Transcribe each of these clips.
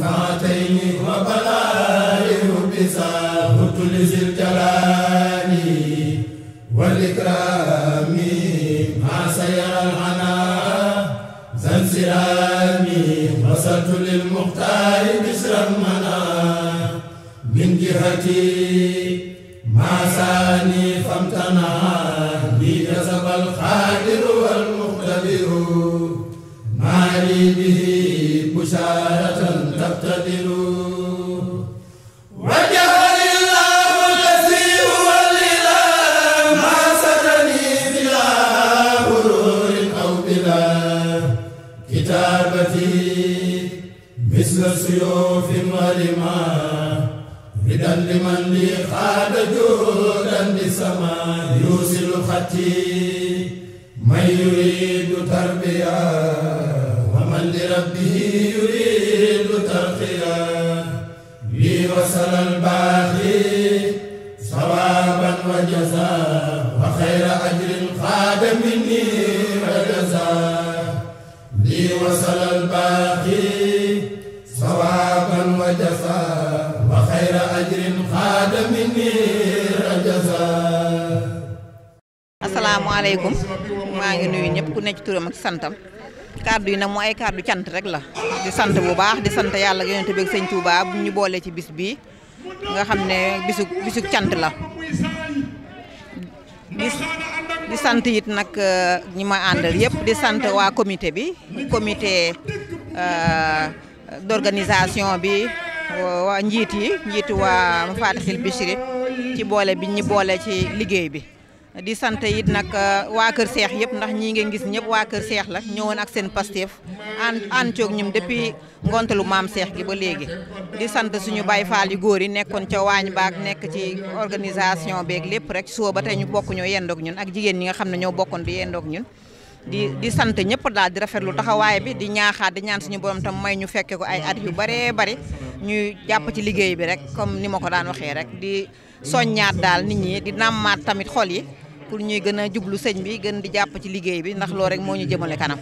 منفعتين وبلائر بساه تلز الجلال والإكرام ما سيرى العنا ذا وصلت للمختار بسرا منا من جهتي ما ساني فامتنع لي كسب القادر والمقتدر ناري به بشارة يوصل خطي من يريد تربية ومن لربه يريد ترقية لي وصل الباقي ثوابا وجزاء وخير أجر خاد مني وجزاء لي وصل الباقي ثوابا وجزاء وخير أجر خاد مني asalaamaaleykum maa ngi nuyu ñëpp ku nekk turam ak santam kàddu yi nag mu ay kàddu cant rek la di sant bu baax di sant yàlla ak yonent bi ak bu baax bu ñu boolee ci bis bii nga xam ne bisu bisu cant la sant it nag euh, ñi ma yëpp di sant waa comité bi comité euh, d'organisation bi waa njiit yi njiitu waa Mafatihul ci boole bi ñu boole ci liggéey bi di sant it nag uh, waa Kër Seex yëpp ndax ñii ngeen gis ñëpp waa Kër Seex la ñëwoon ak seen pasteef ànd ànd coog ñum depuis ngontalu maam Seex gi ba léegi. di sant suñu Baay Faal yu góor yi nekkoon ca waañ baak nekk ci organisation beeg lépp rek soo ba tey ñu bokk ñoo yendoog ñun ak jigéen ñi nga xam ne ñoo bokkoon di yendoog ñun. di di sant ñëpp daal di rafet lu taxawaay bi di ñaaxaat di ñaan suñu borom tam may ñu fekke ko ay at yu baree bari ñuy jàpp ci liggéey bi rek comme ni ma ko daan waxee rek di soññaat daal nit ñi di nàmmaat tamit xol yi pour ñuy gën a jublu sëñ bi gën di jàpp ci liggéey bi ndax loolu rek moo ñu jëmale kanam.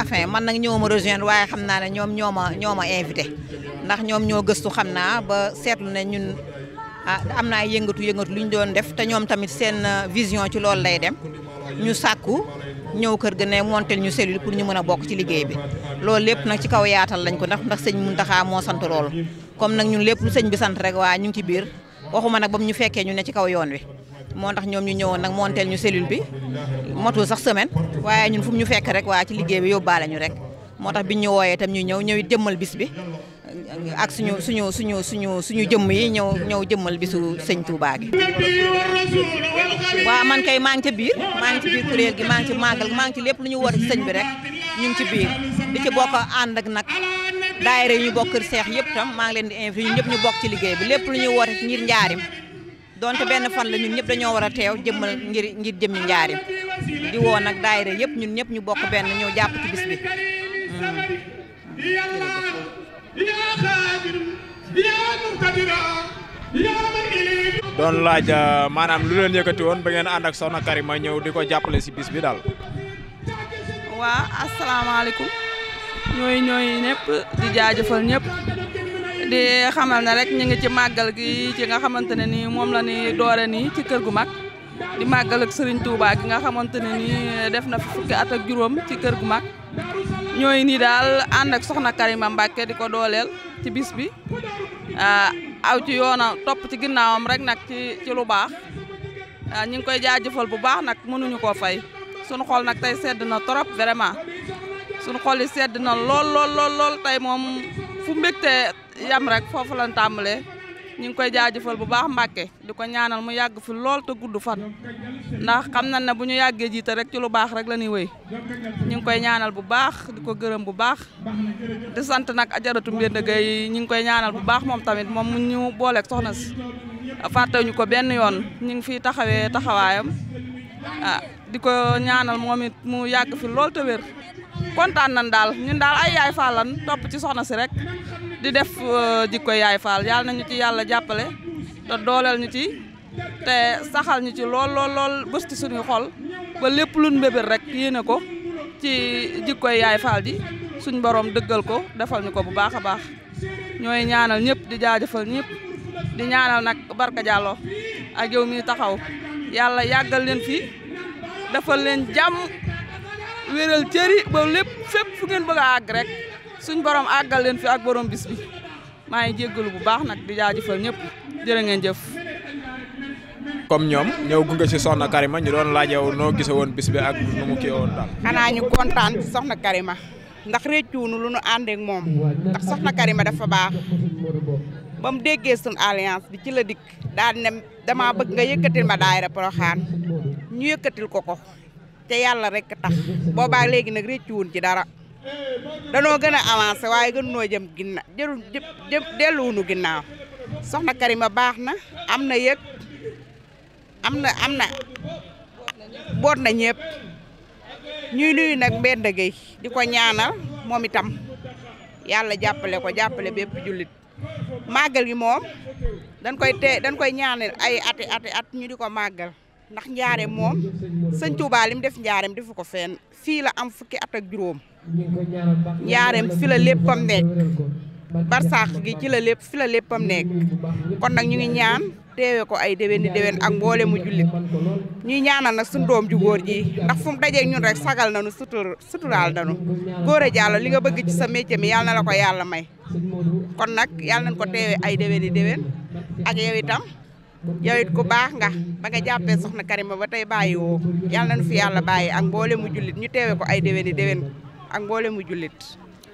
afin euh, man nag ñëw ma rejoindre waaye xam naa ne ñoom ñoo ma ñoo ma invité ndax ñoom ñoo gëstu xam naa ba seetlu ne ñun ah, am naa yëngatu yëngatu lu ñu doon def te ñoom tamit seen euh, vision ci loolu lay dem ñu sàkku ñëw kër ga ne montel ñu cellule pour ñu mën a bokk ci liggéey bi loolu lépp nag ci kaw yaatal lañ ko ndax ndax sëñ taxa moo sant loolu comme nag ñun lépp lu sëñ bi sant rek waa ñu ngi ci biir waxuma nag ba mu ñu fekkee ñu ne ci kaw yoon wi moo tax ñoom ñu ñëwoon nag monteel ñu cellule bi motul sax semaine waaye ñun fu ñu fekk rek waa ci liggéey bi yóbbaale ñu rek moo tax biñ ñu wooyee itam ñu ñëw ñëw jëmmal bis bi ak suñu suñu suñu suñu suñu jëmm yi ñëw ñëw jëmmal bisu sëñ Touba gi. waaw man kay maa ngi ca biir maa ci biir kuréel gi maa ci màggal maa ci lépp lu ñu war ci sëñ bi rek ñu ci biir di ci bokk ànd ak nag. daayira yi ñu bokk kër seex yëpp tam maa ngi leen di invité ñun ñu bokk ci liggéey bi lépp lu ñuy woote ci ngir njaarim benn fan la ñun ñëpp war a teew jëmmal ngir ngir jëmmi njaarim di woo nag daayira ñun ñëpp ñu bokk benn ñëw jàpp ci bis hmm. doon laaj uh, maanaam lu leen yëkkati woon ba ngeen ànd ak soxna Karima ñëw di ko jàppale si bis bi daal. waa asalaamaaleykum. ñoy ñoy ñep di jaajeufal ñep di xamal na rek ñi ngi ci magal gi ci nga xamantene ni mom la ni doore ni ci kër gu mag di magal ak Serigne Touba gi nga xamantene ni def na fukki at ak juroom ci kër gu mag ñoy ni dal and ak soxna Karima Mbacke di dolel ci bis bi ah, aw ci yoona top ci ginnawam rek nak ci ci lu baax ah, ñu ngi koy jaajeufal bu baax nak mënuñu ko fay sunu xol nak tay sedd na trop vraiment suñu xol yi sedd na lool lool lool lool tey moom fu mbégte yam rek foofu lan tàmbalee ñu ngi koy jaajëfal bu baax Mbàkke di ko ñaanal mu yàgg fi lool te gudd fan ndax xam nañ ne bu ñu yàggee jiite rek ci lu baax rek la ñuy wéy ñu ngi koy ñaanal bu baax di ko gërëm bu baax di sant nag ajaratu Mbène Gueye ñu ngi koy ñaanal bu baax moom tamit moom ñu booleeg soxna si ko benn yoon ñu ngi taxawee ah, di ñaanal moom mu yàgg fi lool te wér kontaan nañ daal ñun daal ay yaay faal topp ci soxna si rek di def euh, jikko yaay faal yàlla nañu ci yàlla jàppale te dooleel ñu ci te saxal ñu ci lool lool lool bës ci suñu xol ba lépp luñ bébér rek yéene ko ci jikkoy yaay faal ji suñ borom dëggal ko defal ñu ko bu baax a baax ñooy ñaanal ñëpp di jaajëfal ñëpp di ñaanal nag Barka Diallo ak yow mi taxaw yàlla yàggal leen fii defal leen jàmm wéral cëri ba lépp fépp fu ngeen bëgg a àgg rek suñ borom àggal leen fi ak borom bis bi maa ngi jéggalu bu baax nag di jaajëfal ñëpp jërë ngeen jëf. comme ñoom ñëw gunge si soxna Karima ñu doon laajew noo gise woon bis bi ak nu mu woon xanaa ñu kontaan ci soxna ndax réccuwunu lu nu ànd moom ndax soxna Karima dafa baax ba mu déggee suñ alliance bi ci la dikk daal ne damaa bëgg nga yëkkatil ma daayira Porokhane ñu yëkkatil ko ko. te yàlla rek tax boobaa léegi nag réccu ci dara danoo gën a avancé waaye gën noo jëm ginna jëru delluwunu ginnaaw soxna Karima baax na am na yëg am na am na boot na ñëpp ñuy nuyu nag Mbenda Gueye di ko ñaanal moom itam yàlla jàppale ko jàppale bépp jullit màggal gi moom dañ koy te dañ koy ñaanal ay ati ati at ñu di ko màggal ndax njaareem moom sëñ Touba li mu def njaareem defu ko fenn fii la am fukki at ak juróom njaareem fi la léppam nekk barsaax gi ci la lépp fi la léppam nekk kon nag ñu ngi ñaan teewe ko ay déwén di déwén ak mboole mu jullit ñuy ñaanal nag suñ doom ju góor ji ndax fu mu dajeeg ñun rek sagal na nu suturaal nañu góor a jàll li nga bëgg ci sa métier mi yàlla na la ko yàlla may kon nag yàlla nañ ko teewe ay déwén di déwén ak yow yow it ku bax nga ba nga jappé soxna Karima ba tay bàyyi woo yàlla nañu fi yalla bayyi ak mbolé mu julit ñu téwé ko ay déwéni déwén ak mbolé mu jullit.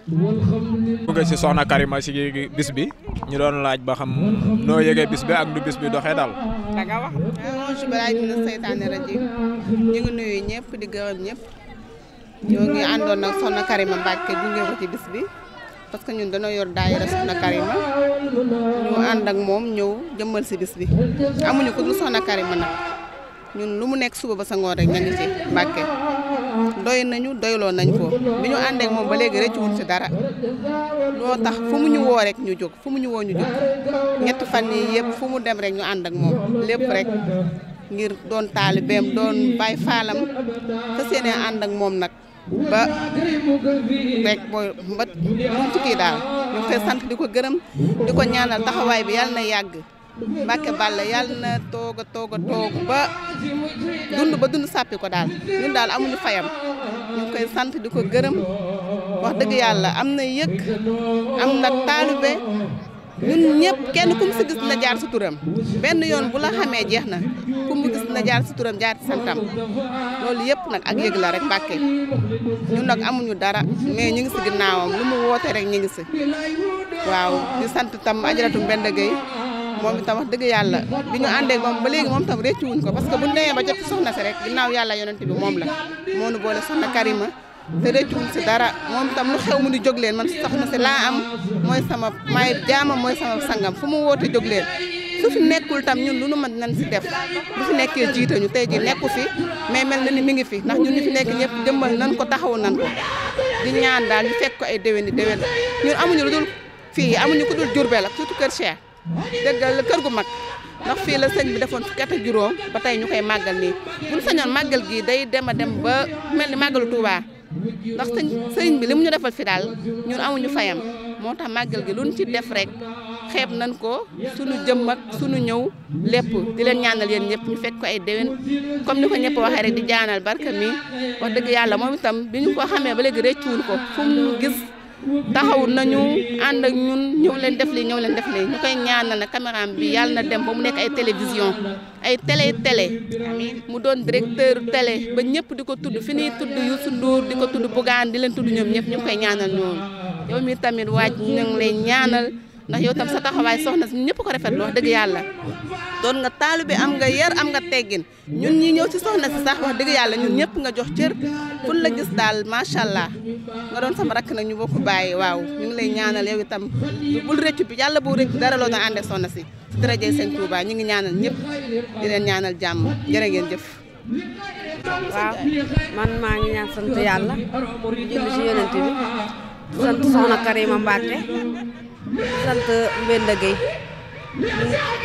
jóge ci soxna Karima ci bis bi ñu doon laaj ba xam no yégué bis bi ak du bis bi doxé dal da nga wax auzu ah, billaahi mina seytaani rajiim ñu ngi nuyu ñepp di gërëm ñepp ñoo ngi andon nag soxna Karima mbacké gunge ñëw ci bis bi parce que ñun dañu yor daayira soxna Karima. ñu ànd ak moom ñëw jëmmal si bis bi amuñu ko dul soxna Karima nag ñun lu mu nekk suba ba sa ngoon rek ña ngi ci Mbàkke doy nañu doyloo nañ ko bi ñu àndeek moom ba léegi rëccuwul ci dara loo tax fu mu ñu woo rek ñu jóg fu mu ñu woo ñu jóg ñetti fan yi yëpp fu mu dem rek ñu ànd ak moom lépp rek ngir doon taalibeem doon bàyyi faalam fa seenee ànd ak moom nag ba rek kii daal ñu koy sant di ko gërëm di ko ñaanal taxawaay bi yàlla na yàgg Mbàkke Balla yàlla na toog a toog ba dund ba dund sàppi ko daal ñun daal amuñu fayam ñu koy sant di ko gërëm wax dëgg yàlla am na yëg am na taalibe ñun ñëpp kenn ku mu si gis na jaar si turam benn yoon bu la xamee jeex na ku mu gis na jaar si turam jaar si santam loolu yëpp nag ak yëg la rek Mbàkke ñun nag amuñu dara mais ñu ngi si ginnaawam lu mu woote rek ñu ngi si waaw di sant tam ajaratu benn Gueye moom itam wax dëgg yàlla bi ñu àndee moom ba léegi moom tam réccu wuñ ko parce bu ñu ba jot soxna si rek ginnaaw yàlla yonent bi moom la moo nu boole soxna Karima te rëccuwul si dara moom tam lu xew mu di jóg leen man soxna si laa am mooy sama maay jaamam mooy sama sangam fu mu woote jóg leen su fi nekkul tam ñun lu nu mën nañ si def bu fi nekkee jiitañu tey ji nekku fi mais mel na ni mi ngi fi ndax ñun ñu fi nekk ñëpp jëmbal nan ko taxawu nan ko di ñaan daal ñu fekk ko ay déwén di déwén ñun amuñu lu dul fii amuñu ko dul Jurbel ak surtout kër Cheikh dëggal kër gu mag ndax fii la sëñ bi defoon fukki at ak juróom ba tey ñu koy màggal nii màggal gii day dem a dem ba mel ni màggalu Tuubaa ndax sëñ sëriñ bi li mu ñu defal fi daal ñun amuñu fayam moo tax màggal gi luñ ci def rek xeeb nañ ko suñu jëm suñu sunu ñëw lépp di leen ñaanal yéen ñëpp ñu fekk ko ay déwén comme ni ko ñëpp waxee rek di jaanal barka mi wax dëgg yàlla moom itam bi ñu ko xamee ba léegi réccuwul ko fu mu gis taxaw nañu ànd ak ñun ñëw leen def lii ñëw leen def lii ñu koy ñaanal na caméra bi yàlla na dem ba mu nekk ay télévision ay télé télé mu doon directeur télé ba ñëpp di ko tudd fi ñuy tudd Youssou Ndour di ko tudd Bougane di leen tudd ñoom ñëpp ñu ngi koy ñaanal ñoom yow mi tamit waaj ñu ngi ñaanal ndax yow tam sa taxawaay soxna si ñëpp ko rafetlu wax dëgg yàlla doon nga taalibe am nga yar am nga teggin ñun ñi ñëw si soxna si sax wax dëgg yàlla ñun ñëpp nga jox cër fun la gis daal macha allah nga doon sama rakk nag ñu bokk bàyyi waaw ñu ngi lay ñaanal yow itam bul rëccu bi yàlla boo rëccu dara loo doon ànd ak soxna si si daraje sëñ Touba ñu ngi ñaanal ñëpp di leen ñaanal jàmm jërë ngeen jëf waaw man maa ngi ñaan sant yàlla julli si yonent bi sant sant Mbenda Gueye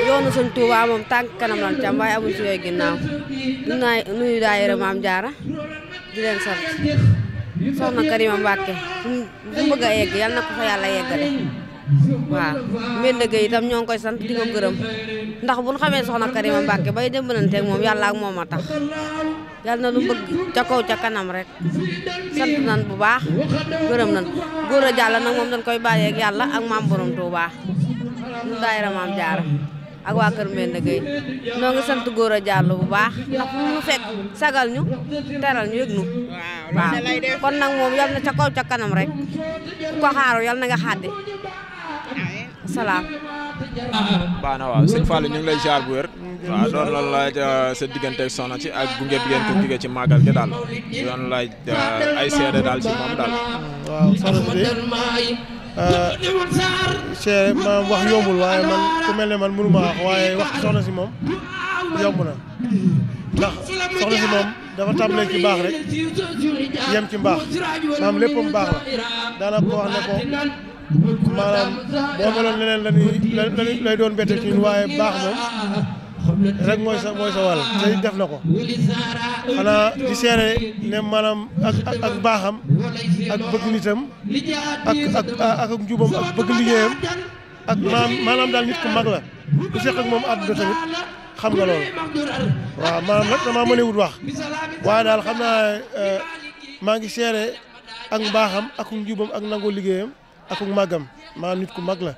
yoonu sëñ Tuuba moom tànk kanam lañ ci am waaye amuñ ginnaaw nu naa nuyu daayira Maam di leen sant soxna Karima Mbàkke fu mu bëgg a yegg yal na ko fa yàlla yeggale waaw Mbène Gueye itam ñoo ngi koy sant di ko gërëm ndax bu ñu xamee soxna Karima Mbacke bay démbalanteeg moom yàlla ak moom a tax yàlla na lu bëgg ca kaw ca kanam rek sant nan bu baax gërëm nan góor a jàll nag moom dañ koy bàyyeeg yàlla ak maam borom Tuubaa nu daayira maam jaara ak waa Kër Mbène Gueye ñoo ngi sant Gora Diallo bu baax ndax fekk sagal ñu teral ñu yëg ñu. waaw kon nag moom yal na ca rek ku ko xaaru yal na nga xàddi salaam. baax waaw sëñ ñu ngi lay jaar bu wér. waaw doon euh, diggante ak soxna ci ak gunge bi ngeen ci màggal gi daal doon laaj euh, ay seede daal ci moom daal. Cheikh maanaam wax yombul waaye man ku mel ne man mënu maa waaye wax soxna si moom yomb na ndax soxna si moom dafa tàmbalee ci baax rek yem ci mbaax maanaam léppam baax la daanaka ko wax ne ko la doon bette ci waaye baax moom. rek mooy sa mooy sa wàll te def na ko xanaa di seere ne maanaam ak baaxam ak bëgg nitam ak ak ak bëgg liggéeyam ak maam maanaam daal nit ku mag la ku seq ak moom àdduna tamit xam nga loolu waaw maanaam nag damaa mënewut wax waaye daal xam naa eh, maa ngi seere ak mbaaxam ak njubam ak nangoo liggéeyam ak màggam maanaam nit ku mag la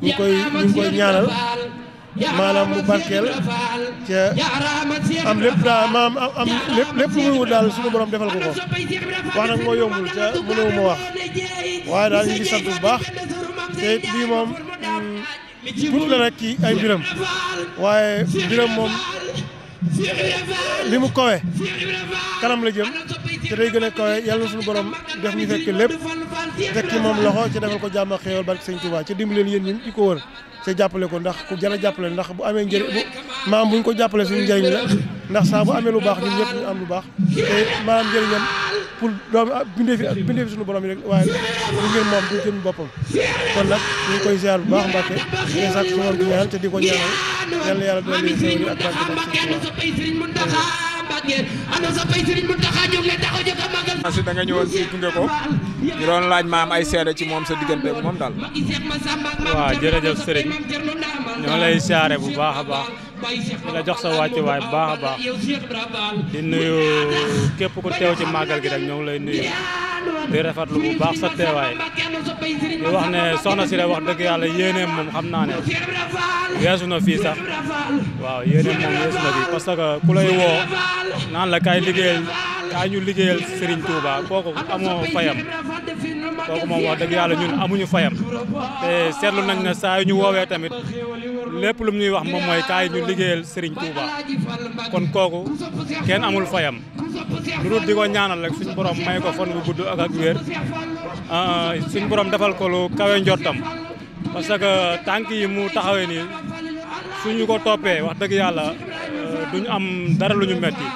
ñu ngi koy ñaanal maanaam mu barkeel ca am lépp daal maam am lépp lépp daal suñu borom defal ko ko wax nag moo yombul ca mënewu ma wax waaye daal ñu sant bu baax te it moom tuut mm, la rek ci ay mbiram waaye mbiram moom li mu kowe kanam la jëm te a kowe yàlla na suñu borom def ñu fekk lépp teg ci moom loxo ci defal ko jàmm ak xéewal barke Sëñ Tuubaa ci dimbaleen yéen ñi ñu ko te jàppale ko ndax ku jar a jàppale ndax bu amee njëriñ bu maam bu ñu ko jàppale suñu njëriñ la ndax saa bu amee lu baax ñun ñëpp ñu am lu baax te maanaam njëriñam pour doomu bindee fi bindee fi suñu borom waaye lu ngeen moom du boppam kon nag ñu koy ziar bu baax Mbàkke te sàkk su woon di ñaan te di ko ñaanal yàlla yàlla doon lii sëñ ak barke Mbacke ana sa pay Serigne nga ko ñu doon laaj maam ay seede ci moom sa diggante moom daal waaw jërëjëf Serigne ñoo lay siyaare bu baax a baax di la jox sa wàccuwaay bu baax a baax di nuyu képp ku teew ci màggal gi rek ñoo ngi lay nuyu di rafetlu bu baax sa teewaay di wax ne soxna si rek wax dëgg yàlla yéeneem moom xam naa ne weesu na fii sax waaw yéeneem moom weesu na fii parce ku lay woo naan la kay liggéey daa ñu liggéeyal Serigne Touba kooku amoo fayam kooku moom wax dëgg yàlla ñun amuñu fayam te seetlu nañ ne saa yu ñu woowee tamit lépp lum ñuy wax moom mooy kaay ñu liggéeyal Serigne Touba kon kooku kenn amul fayam lu dul di ko ñaanal rek suñu borom may ko fan bu gudd ak ak wér ah, suñu borom defal ko lu kawe njortam parce que tànk yi mu taxawee nii suñu ko toppee wax dëgg yàlla euh, duñu am dara lu ñu metti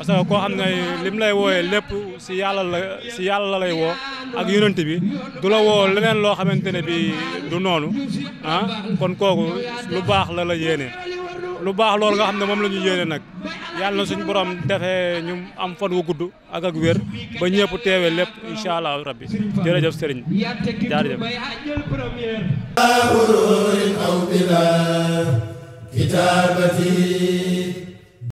parce que koo xam ne lim lay wooyee lépp si yàlla la si yàlla lay woo ak yonent bi du la woo leneen loo xamante ne bi du noonu ah, kon kooku lu baax la la yéene lu baax loolu nga xam ne moom la ñu yéene nag yàlla na suñu borom defee ñu am fan wu gudd ak ak wér ba ñëpp teewee lépp incha allah rabbi jërëjëf sëriñ jaarëjëf kitaabati